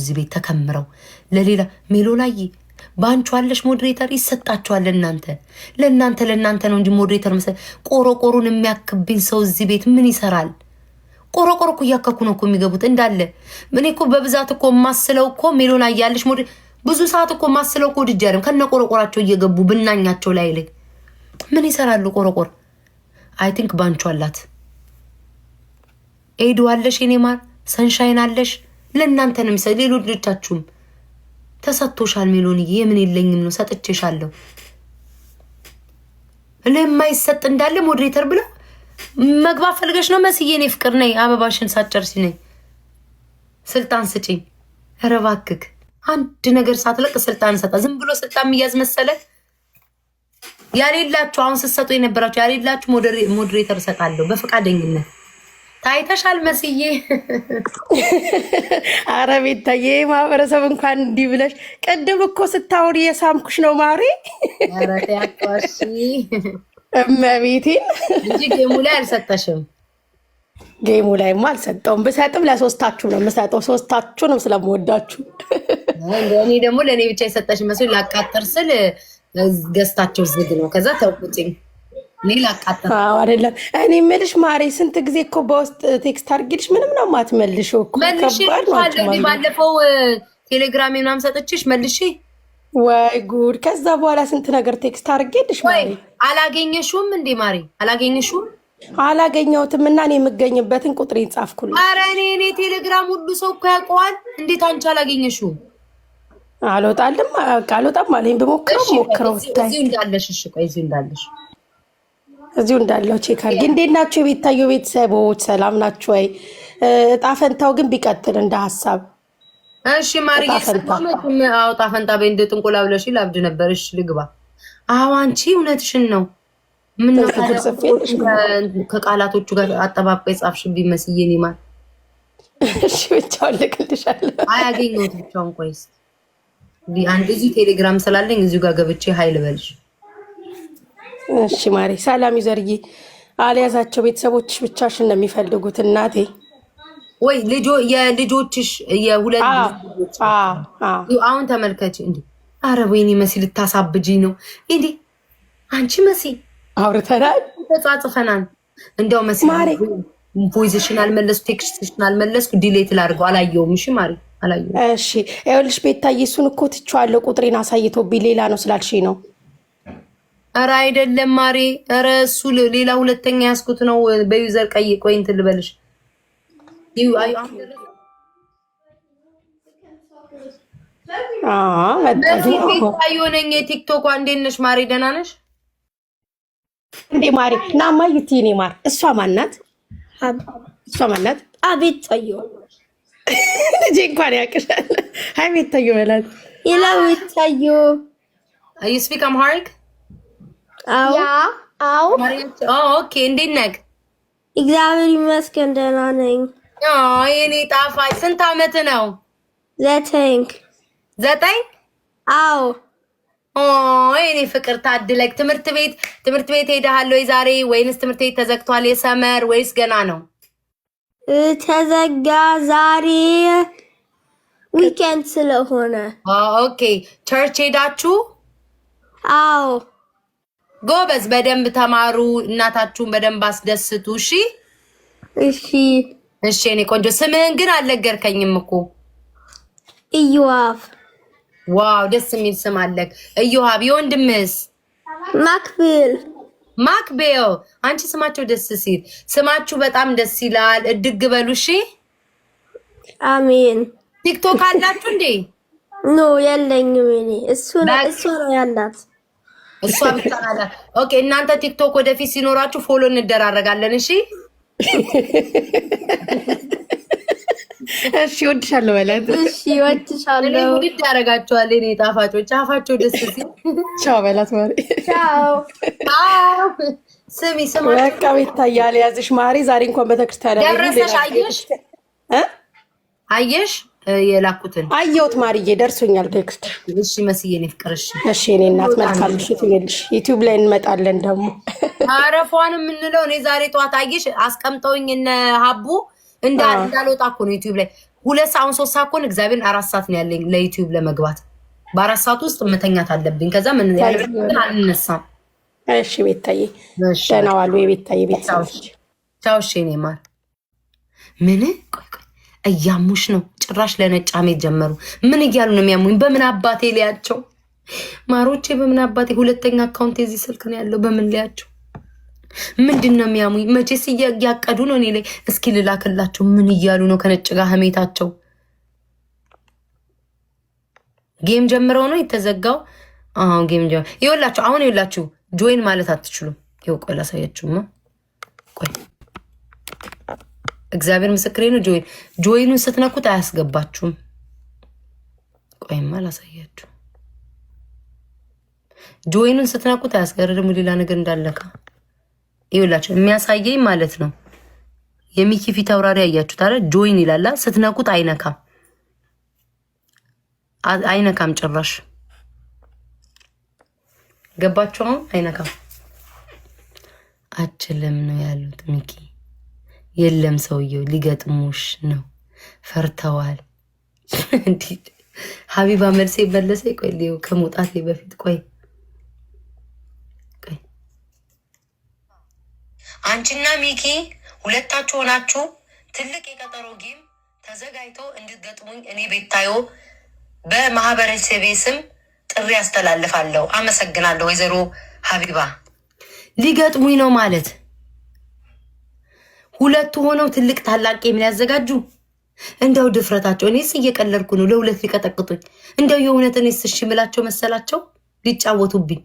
እዚህ ቤት ተከምረው ለሌላ ሜሎ ላይ በአንቺ አለሽ ሞዴሬተር ይሰጣቸዋል። ለእናንተ ለእናንተ ለእናንተ ነው እንጂ ሞዴሬተር መሰለኝ። ቆሮቆሩን የሚያክብኝ ሰው እዚህ ቤት ምን ይሰራል? ቆሮቆሮ እኮ እያከኩ ነው እኮ የሚገቡት እንዳለ። እኔ እኮ በብዛት እኮ ማስለው እኮ ሜሎ ላይ ያለሽ ሞዴ ብዙ ሰዓት እኮ ማስለው እኮ ድጃ አይደለም ከነ ቆረቆራቸው እየገቡ ብናኛቸው ላይ ላይ ምን ይሰራሉ? ቆረቆር አይ ቲንክ ባንቹ አላት። ኤዱ አለሽ፣ የኔ ሰንሻይን አለሽ ለእናንተ ነው የሚሰ ሌሎቻችሁም ተሰጥቶሻል። ሜሎንዬ የምን የለኝም ነው ሰጥቼሻለሁ። ለማይሰጥ እንዳለ ሞዴሬተር ብለው መግባት ፈልገሽ ነው መስዬ። እኔ ፍቅር ነይ አበባሽን ሳትጨርሺ ነይ ስልጣን ስጪኝ። ኧረ እባክህ አንድ ነገር ሳትለቅ ስልጣን ሰጣ። ዝም ብሎ ስልጣን የሚያዝ መሰለ ያሌላችሁ አሁን ስትሰጡ የነበራችሁ ያሌላችሁ ሞዴሬተር እሰጣለሁ በፈቃደኝነት ታይተሻል መስዬ። አረ ቤታዬ ማህበረሰብ እንኳን እንዲህ ብለሽ፣ ቅድም እኮ ስታወሪ የሳምኩሽ ነው ማሪ እመቤቴን። እንጂ ጌሙ ላይ አልሰጠሽም። ጌሙ ላይማ አልሰጠውም። ብሰጥም ለሶስታችሁ ነው የምሰጠው፣ ሶስታችሁ ነው ስለምወዳችሁ። እኔ ደግሞ ለእኔ ብቻ የሰጠሽ መስሎኝ ላቃጥር ስል ገዝታቸው ዝግ ነው። ከዛ ተውቁጭኝ አይደለም እኔ የምልሽ ማሬ፣ ስንት ጊዜ እኮ በውስጥ ቴክስት አድርጌልሽ ምንም ነው የማትመልሺው እኮ ከባድ ነው። ባለፈው ቴሌግራም ምናምን ሰጥቼሽ መልሼ ወይ ጉድ! ከዛ በኋላ ስንት ነገር ቴክስት አድርጌልሽ ማሬ። አላገኘሽውም እንዴ ማሬ? አላገኘሽውም? አላገኘሁትም እና እኔ የምገኝበትን ቁጥር ይጻፍኩልኝ። ኧረ እኔ እኔ ቴሌግራም ሁሉ ሰው እኮ ያውቀዋል። እንዴት አንቺ አላገኘሽውም? አልወጣልም፣ አልወጣም አለኝ። ብሞክረው ሞክረው ስታይ እንዳለሽ፣ እሺ ቆይ እዚህ እንዳለሽ እዚሁ እንዳለው ቼክ አድርጌ። እንዴት ናቸው የቤታየው ቤተሰቦች? ሰላም ናቸው ወይ? እጣ ፈንታው ግን ቢቀጥል እንደ ሀሳብ እሺ። ማርዬ እጣ ፈንታ በይ። እንደ ጥንቁላ ብለሽ ላብድ ነበር። እሺ ልግባ። አዎ አንቺ እውነትሽን ነው። ምን ከቃላቶቹ ጋር አጠባብቀ የጻፍሽብኝ መስዬ እኔ ማለት እሺ። ብቻውን ልክልሻለሁ። አያገኘሁትም ብቻውን። ቆይ እዚሁ ቴሌግራም ስላለኝ እዚሁ ጋር ገብቼ ሀይል በልሽ እሺ ማሬ ሰላም ይዘርጊ። አልያዛቸው ቤተሰቦችሽ ብቻሽን ነው የሚፈልጉት እናቴ ወይ ልጆ የልጆችሽ የሁለት ልጆች አሁን ተመልከች። እንዲ አረ ወይኔ መሲ ልታሳብጂ ነው እንዲ አንቺ መሲ አውርተናል፣ ተጻጽፈናል። እንዲያው መሲ ቮይዝሽን አልመለስኩ፣ ቴክስትሽን አልመለስኩ፣ ዲሌት ላድርገው። አላየውም። እሺ ማሪ አላየውም። እሺ ይኸውልሽ ቤታዬ፣ እሱን እኮ ትቼዋለሁ። ቁጥሬን አሳይቶብኝ ሌላ ነው ስላልሽኝ ነው እረ አይደለም ማሬ፣ እረ እሱ ሌላ ሁለተኛ ያስኩት ነው። በዩዘር ቀይ ቆይ እንትን ልበልሽ። የሆነኝ የቲክቶክ እንዴት ነሽ ማሬ? ደህና ነሽ እንዴ ማሬ? ናማ ማር እሷ ማናት? እሷ ማናት? አቤት ልጄ እንኳን ያቅሻል። በላት ስፒክ አምሃሪክ አዎ ኦኬ እንዴት ነህ? እግዚአብሔር ይመስገን ደህና ነኝ። የኔ ጣፋጭ ስንት አመት ነው? ዘጠኝ ዘጠኝ ኦ የኔ ፍቅር ታድለክ። ትምህርት ቤት ትምህርት ቤት ሄደሃል ወይ ዛሬ? ወይንስ ትምህርት ቤት ተዘግቷል? የሰመር ወይስ ገና ነው? ተዘጋ ዛሬ ዊኬንድ ስለሆነ። ኦኬ ቸርች ሄዳችሁ? አዎ ጎበዝ፣ በደንብ ተማሩ። እናታችሁን በደንብ አስደስቱ። እሺ፣ እሺ፣ እሺ። እኔ ቆንጆ ስምህን ግን አልነገርከኝም እኮ ኢዮሃብ። ዋው ደስ የሚል ስም አለክ ኢዮሃብ። የወንድምስ ማክቤል ማክቤል። አንቺ ስማቸው ደስ ሲል ስማችሁ በጣም ደስ ይላል። እድግ በሉ እሺ። አሜን። ቲክቶክ አላችሁ እንዴ? ኖ የለኝም። እኔ እሱ ነው ያላት እሷ ብቻ ናት። ኦኬ እናንተ ቲክቶክ ወደፊት ሲኖራችሁ ፎሎ እንደራረጋለን። እሺ እሺ፣ እወድሻለሁ በላት። እሺ ወድሻለሁ በላት እሺ እወድሻለሁ ውድድ ያደርጋቸዋል የእኔ ጣፋጮች፣ አፋቸው ደስ ሲል። ቻው በላት ማሪ። ቻው ስሚ ስማ፣ በቃ ይታያል። ያዝሽ ማሪ። ዛሬ እንኳን ቤተክርስቲያን ደረሰሽ። አየሽ አየሽ የላኩትን አየሁት ማርዬ፣ ደርሶኛል ቴክስት። እሺ መስዬ፣ እኔ ፍቅር። እሺ፣ እሺ፣ እኔ እናት መልካም ምሽት ይልሽ። ዩቲዩብ ላይ እንመጣለን ደግሞ አረፏን የምንለው። እኔ ዛሬ ጠዋት አየሽ አስቀምጠውኝ እነ ሀቡ እንዳልወጣ እኮ ነው ዩቲዩብ ላይ ሁለት ሰዓት ሶስት ሰዓት ኮን እግዚአብሔርን አራት ሰዓት ነው ያለኝ ለዩቲዩብ ለመግባት። በአራት ሰዓት ውስጥ መተኛት አለብኝ። ከዛ ምን አልነሳም። እሺ ቤታዬ፣ ደህና ዋሉ የቤታዬ ቤተሰቦች። ቻውሽ እሺ እኔ ማር ምን ቆይ እያሙሽ ነው። ጭራሽ ለነጭ ሐሜት ጀመሩ። ምን እያሉ ነው የሚያሙኝ? በምን አባቴ ሊያቸው ማሮቼ፣ በምን አባቴ ሁለተኛ አካውንት የዚህ ስልክ ነው ያለው። በምን ሊያቸው ምንድን ነው የሚያሙኝ? መቼስ እያቀዱ ነው እኔ ላይ። እስኪ ልላክላቸው። ምን እያሉ ነው ከነጭ ጋር ሐሜታቸው? ጌም ጀምረው ነው የተዘጋው። አሁን ጌም ጀምረው ይኸውላችሁ። አሁን ይኸውላችሁ ጆይን ማለት አትችሉም። ይኸው ላሳያችሁማ እግዚአብሔር ምስክሬ ነው። ጆይን ጆይኑን ስትነኩት አያስገባችሁም። ቆይማ አላሳያችሁ። ጆይኑን ስትነኩት አያስገርድም። ሌላ ነገር እንዳለካ ይውላችሁ የሚያሳየኝ ማለት ነው። የሚኪ ፊት አውራሪ ያያችሁት አለ ጆይን ይላላ ስትነኩት አይነካም፣ አይነካም ጭራሽ ገባችሁ? አይነካም አችልም ነው ያሉት ሚኪ የለም ሰውየው ሊገጥሙሽ ነው ፈርተዋል። ሀቢባ መልሴ መለሰ። ቆይ ከመውጣቴ በፊት ቆይ አንቺና ሚኪ ሁለታችሁ ሆናችሁ ትልቅ የቀጠሮ ጌም ተዘጋጅቶ እንድትገጥሙኝ እኔ ቤታዮ በማህበረሰቤ ስም ጥሪ ያስተላልፋለሁ። አመሰግናለሁ ወይዘሮ ሀቢባ። ሊገጥሙኝ ነው ማለት ሁለቱ ሆነው ትልቅ ታላቅ የሚያዘጋጁ እንደው ድፍረታቸው። እኔስ እየቀለድኩ ነው። ለሁለት ሊቀጠቅጡኝ እንደው የእውነት እኔስ እሺ ምላቸው መሰላቸው። ሊጫወቱብኝ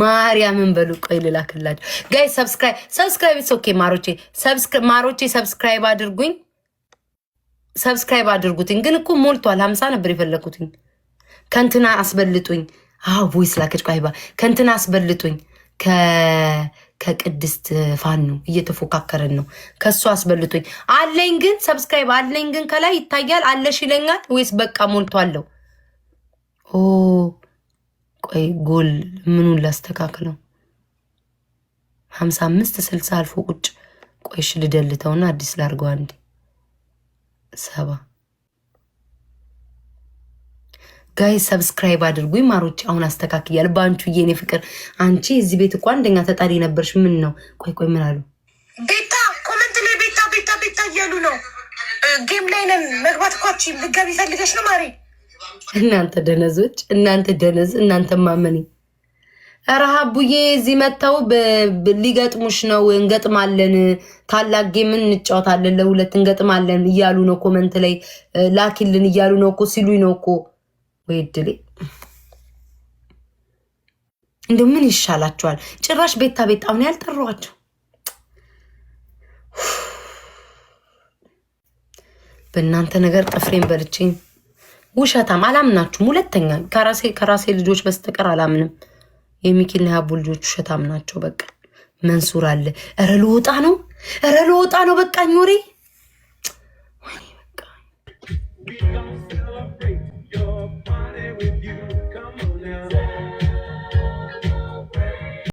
ማርያምን በሉ። ቆይ ልላክላቸው። ጋይ ሰብስክራይብ ሰብስክራይብ ኦኬ። ማሮቼ ማሮቼ ሰብስክራይብ አድርጉኝ፣ ሰብስክራይብ አድርጉትኝ። ግን እኮ ሞልቷል። ሀምሳ ነበር የፈለግኩትኝ። ከንትና አስበልጡኝ። አዎ ቮይስ ላከች። ቋይባ ከንትና አስበልጡኝ ከቅድስት ነው እየተፎካከረን ነው። ከሱ አስበልቶኝ አለኝ ግን ሰብስክራይብ አለኝ ግን ከላይ ይታያል አለሽ ይለኛል ወይስ በቃ ሞልቷለሁ? ኦ ቆይ ጎል ምኑን ላስተካክለው? ሀምሳ አምስት ስልሳ አልፎ ቁጭ ቆይሽ ልደልተውና አዲስ ላርገው አንዴ ሰባ ጋይ ሰብስክራይብ አድርጉ። ማሮች። አሁን አስተካክያል። በአንቹ የኔ ፍቅር አንቺ እዚህ ቤት እኮ አንደኛ ተጣሪ ነበርሽ። ምን ነው? ቆይ ቆይ ምን አሉ? ቤታ ኮመንት ላይ ቤታ ቤታ ቤታ እያሉ ነው። ጌም ላይ ነን። መግባት እኳች ልገብ ይፈልገች ነው ማሪ። እናንተ ደነዞች፣ እናንተ ደነዝ፣ እናንተ ማመኒ ኧረ ሀቡዬ እዚህ መጥተው ሊገጥሙሽ ነው። እንገጥማለን፣ ታላቅ ጌም እንጫወታለን፣ ለሁለት እንገጥማለን እያሉ ነው። ኮመንት ላይ ላኪልን እያሉ ነው እኮ ሲሉኝ ነው እኮ ወይ እድሌ እንዲሁ ምን ይሻላችኋል? ጭራሽ ቤታ ቤት አሁን ያልጠሯቸው በእናንተ ነገር ጥፍሬን በልችኝ። ውሸታም አላምናችሁም። ሁለተኛ ከራሴ ልጆች በስተቀር አላምንም። የሚኪል የሀቡ ልጆች ውሸታም ናቸው። በቃ መንሱር አለ። ኧረ ልወጣ ነው፣ ኧረ ልወጣ ነው። በቃ ኞሬ